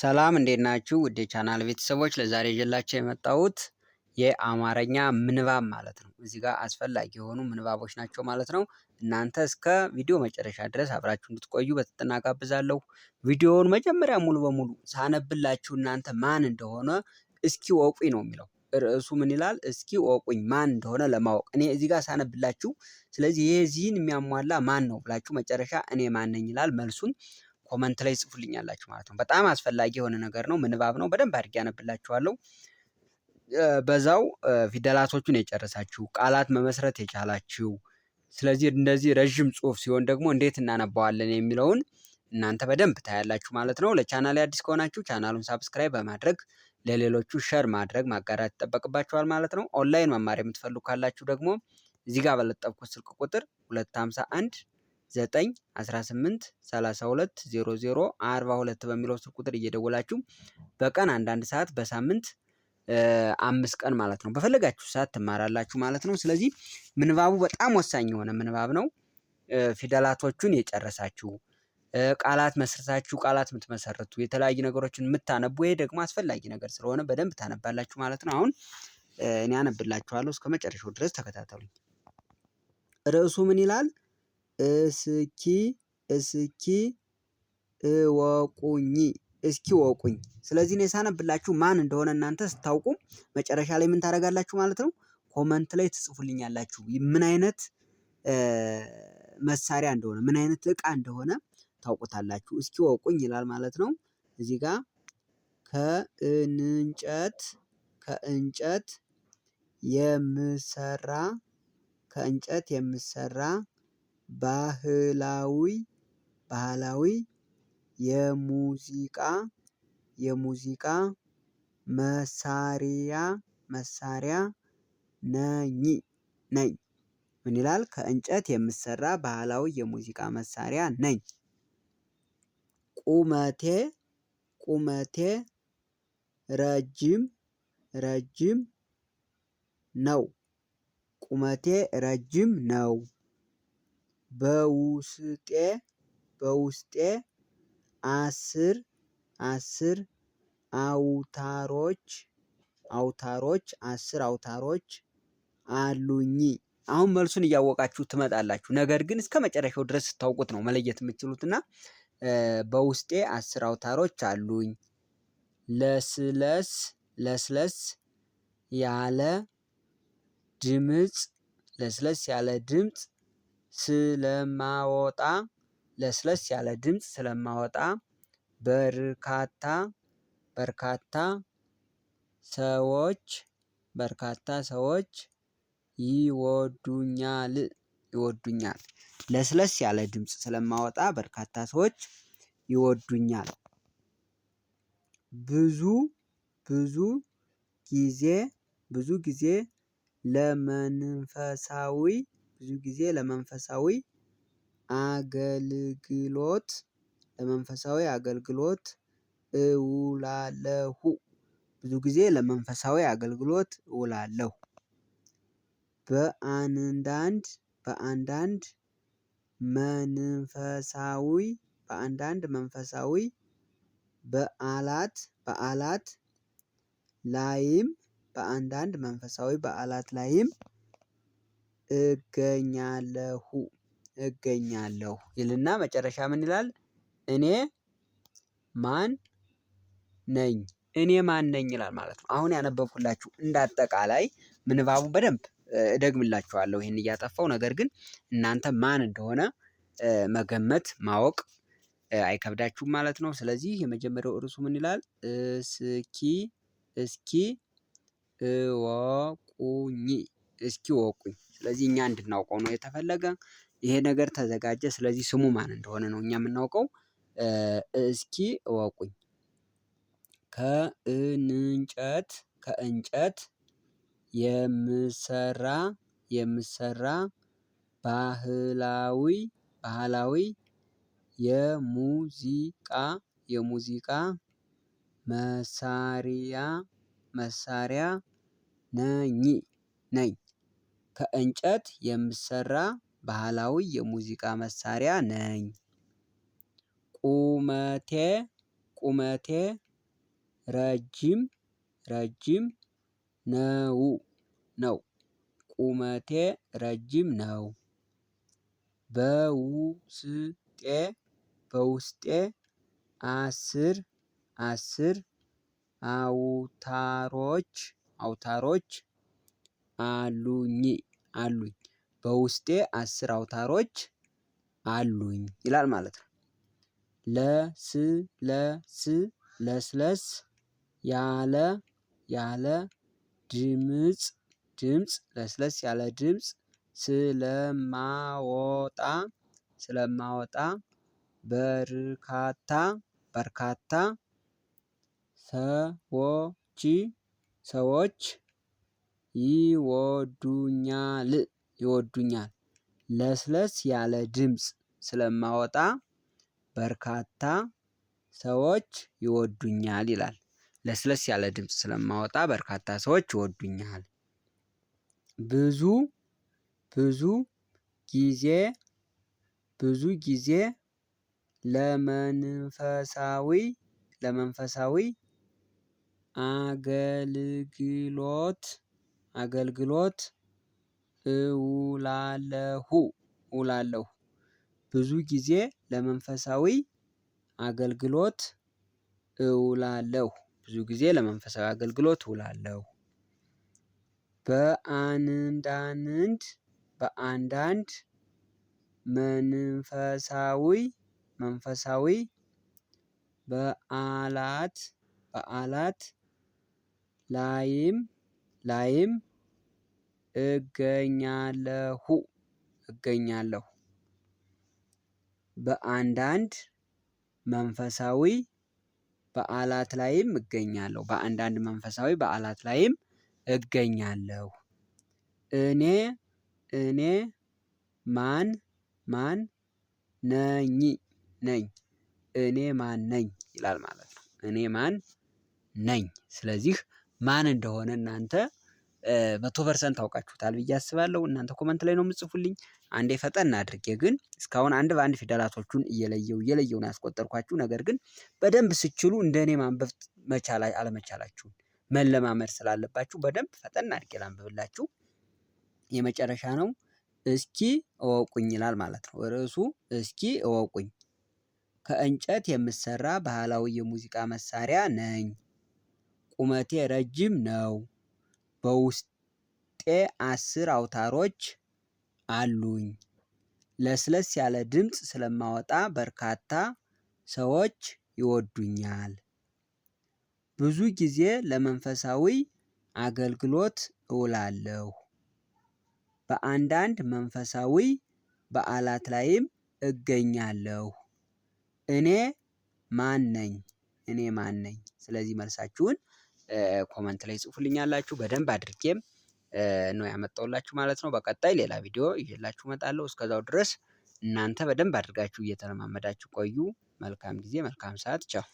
ሰላም እንዴት ናችሁ? ውድ ቻናል ቤተሰቦች ለዛሬ ይዤላችሁ የመጣሁት የአማርኛ ምንባብ ማለት ነው። እዚህ ጋር አስፈላጊ የሆኑ ምንባቦች ናቸው ማለት ነው። እናንተ እስከ ቪዲዮ መጨረሻ ድረስ አብራችሁ እንድትቆዩ በትህትና ጋብዛለሁ። ቪዲዮውን መጀመሪያ ሙሉ በሙሉ ሳነብላችሁ እናንተ ማን እንደሆነ እስኪ ወቁኝ ነው የሚለው ርዕሱ ምን ይላል? እስኪ ወቁኝ ማን እንደሆነ ለማወቅ እኔ እዚህ ጋር ሳነብላችሁ፣ ስለዚህ ይህ ዚህን የሚያሟላ ማን ነው ብላችሁ መጨረሻ እኔ ማን ነኝ ይላል መልሱን ኮመንት ላይ ጽፉልኛላችሁ ማለት ነው። በጣም አስፈላጊ የሆነ ነገር ነው። ምንባብ ነው። በደንብ አድርጌ ያነብላችኋለሁ። በዛው ፊደላቶቹን የጨረሳችሁ ቃላት መመስረት የቻላችሁ ስለዚህ እንደዚህ ረዥም ጽሁፍ ሲሆን ደግሞ እንዴት እናነባዋለን የሚለውን እናንተ በደንብ ታያላችሁ ማለት ነው። ለቻናል አዲስ ከሆናችሁ ቻናሉን ሳብስክራይብ በማድረግ ለሌሎቹ ሸር ማድረግ ማጋራት ይጠበቅባችኋል ማለት ነው። ኦንላይን መማር የምትፈልጉ ካላችሁ ደግሞ እዚህ ጋር በለጠፍኩት ስልክ ቁጥር 251 ዘጠኝ አስራ ስምንት ሰላሳ ሁለት ዜሮ ዜሮ አርባ ሁለት በሚለው ስልክ ቁጥር እየደወላችሁ በቀን አንዳንድ ሰዓት በሳምንት አምስት ቀን ማለት ነው በፈለጋችሁ ሰዓት ትማራላችሁ ማለት ነው። ስለዚህ ምንባቡ በጣም ወሳኝ የሆነ ምንባብ ነው። ፊደላቶቹን የጨረሳችሁ ቃላት መስርታችሁ ቃላት የምትመሰርቱ የተለያዩ ነገሮችን የምታነቡ ይሄ ደግሞ አስፈላጊ ነገር ስለሆነ በደንብ ታነባላችሁ ማለት ነው። አሁን እኔ አነብላችኋለሁ እስከ መጨረሻው ድረስ ተከታተሉኝ። ርዕሱ ምን ይላል? እስኪ እስኪ እወቁኝ እስኪ እወቁኝ። ስለዚህ እኔ ሳነብላችሁ ማን እንደሆነ እናንተ ስታውቁ መጨረሻ ላይ ምን ታደርጋላችሁ ማለት ነው? ኮመንት ላይ ትጽፉልኛላችሁ ምን አይነት መሳሪያ እንደሆነ ምን አይነት እቃ እንደሆነ ታውቁታላችሁ። እስኪ እወቁኝ ይላል ማለት ነው። እዚህ ጋር ከእንጨት ከእንጨት የምሰራ ከእንጨት የምሰራ ባህላዊ ባህላዊ የሙዚቃ የሙዚቃ መሳሪያ መሳሪያ ነኝ ነኝ ምን ይላል ከእንጨት የሚሰራ ባህላዊ የሙዚቃ መሳሪያ ነኝ። ቁመቴ ቁመቴ ረጅም ረጅም ነው ቁመቴ ረጅም ነው በውስጤ በውስጤ አስር አስር አውታሮች አውታሮች አስር አውታሮች አሉኝ አሁን መልሱን እያወቃችሁ ትመጣላችሁ ነገር ግን እስከ መጨረሻው ድረስ ስታውቁት ነው መለየት የምትችሉት እና በውስጤ አስር አውታሮች አሉኝ። ለስለስ ለስለስ ያለ ድምፅ ለስለስ ያለ ድምፅ? ስለማወጣ ለስለስ ያለ ድምጽ ስለማወጣ በርካታ በርካታ ሰዎች በርካታ ሰዎች ይወዱኛል ይወዱኛል ለስለስ ያለ ድምጽ ስለማወጣ በርካታ ሰዎች ይወዱኛል። ብዙ ብዙ ጊዜ ብዙ ጊዜ ለመንፈሳዊ ብዙ ጊዜ ለመንፈሳዊ አገልግሎት ለመንፈሳዊ አገልግሎት እውላለሁ። ብዙ ጊዜ ለመንፈሳዊ አገልግሎት እውላለሁ። በአንዳንድ በአንዳንድ መንፈሳዊ በአንዳንድ መንፈሳዊ በዓላት በዓላት ላይም በአንዳንድ መንፈሳዊ በዓላት ላይም እገኛለሁ እገኛለሁ ይልና መጨረሻ ምን ይላል? እኔ ማን ነኝ እኔ ማን ነኝ ይላል ማለት ነው። አሁን ያነበብኩላችሁ እንዳጠቃላይ አጠቃላይ ምንባቡ በደንብ እደግምላችኋለሁ ይህን እያጠፋው ነገር ግን እናንተ ማን እንደሆነ መገመት ማወቅ አይከብዳችሁም ማለት ነው። ስለዚህ የመጀመሪያው እርሱ ምን ይላል? እስኪ እስኪ እወቁኝ እስኪ ወቁኝ። ስለዚህ እኛ እንድናውቀው ነው የተፈለገ። ይሄ ነገር ተዘጋጀ፣ ስለዚህ ስሙ ማን እንደሆነ ነው እኛ የምናውቀው። እስኪ እወቁኝ። ከእንጨት ከእንጨት የምሰራ የምሰራ ባህላዊ ባህላዊ የሙዚቃ የሙዚቃ መሳሪያ መሳሪያ ነኝ ነኝ ከእንጨት የምሰራ ባህላዊ የሙዚቃ መሳሪያ ነኝ። ቁመቴ ቁመቴ ረጅም ረጅም ነው ነው ቁመቴ ረጅም ነው። በውስጤ በውስጤ አስር አስር አውታሮች አውታሮች አሉኝ አሉኝ በውስጤ አስር አውታሮች አሉኝ ይላል ማለት ነው። ለስ ለስለስ ያለ ያለ ድምጽ ድምጽ ለስለስ ያለ ድምጽ ስለማወጣ ስለማወጣ በርካታ በርካታ ሰዎች ሰዎች ይወዱኛል ይወዱኛል ለስለስ ያለ ድምፅ ስለማወጣ በርካታ ሰዎች ይወዱኛል ይላል ለስለስ ያለ ድምፅ ስለማወጣ በርካታ ሰዎች ይወዱኛል። ብዙ ብዙ ጊዜ ብዙ ጊዜ ለመንፈሳዊ ለመንፈሳዊ አገልግሎት አገልግሎት እውላለሁ እውላለሁ ብዙ ጊዜ ለመንፈሳዊ አገልግሎት እውላለሁ ብዙ ጊዜ ለመንፈሳዊ አገልግሎት እውላለሁ። በአንዳንድ በአንዳንድ መንፈሳዊ መንፈሳዊ በዓላት በዓላት ላይም ላይም እገኛለሁ እገኛለሁ በአንዳንድ መንፈሳዊ በዓላት ላይም እገኛለሁ በአንዳንድ መንፈሳዊ በዓላት ላይም እገኛለሁ። እኔ እኔ ማን ማን ነኝ ነኝ እኔ ማን ነኝ ይላል ማለት ነው። እኔ ማን ነኝ ስለዚህ ማን እንደሆነ እናንተ መቶ ፐርሰንት ታውቃችሁታል ብዬ አስባለሁ። እናንተ ኮመንት ላይ ነው የምጽፉልኝ። አንዴ ፈጠን አድርጌ ግን እስካሁን አንድ በአንድ ፊደላቶቹን እየለየው እየለየው ነው ያስቆጠርኳችሁ። ነገር ግን በደንብ ስችሉ እንደ እኔ ማንበብ መቻል አለመቻላችሁን መለማመድ ስላለባችሁ በደንብ ፈጠን አድርጌ ላንብብላችሁ። የመጨረሻ ነው እስኪ እወቁኝ ይላል ማለት ነው ርዕሱ። እስኪ እወቁኝ ከእንጨት የምሰራ ባህላዊ የሙዚቃ መሳሪያ ነኝ። ቁመቴ ረጅም ነው። በውስጤ አስር አውታሮች አሉኝ። ለስለስ ያለ ድምፅ ስለማወጣ በርካታ ሰዎች ይወዱኛል። ብዙ ጊዜ ለመንፈሳዊ አገልግሎት እውላለሁ። በአንዳንድ መንፈሳዊ በዓላት ላይም እገኛለሁ። እኔ ማን ነኝ? እኔ ማን ነኝ? ስለዚህ መልሳችሁን ኮመንት ላይ ጽፉልኛላችሁ። በደንብ አድርጌም ነው ያመጣውላችሁ ማለት ነው። በቀጣይ ሌላ ቪዲዮ ይዤላችሁ እመጣለሁ። እስከዛው ድረስ እናንተ በደንብ አድርጋችሁ እየተለማመዳችሁ ቆዩ። መልካም ጊዜ፣ መልካም ሰዓት። ቻው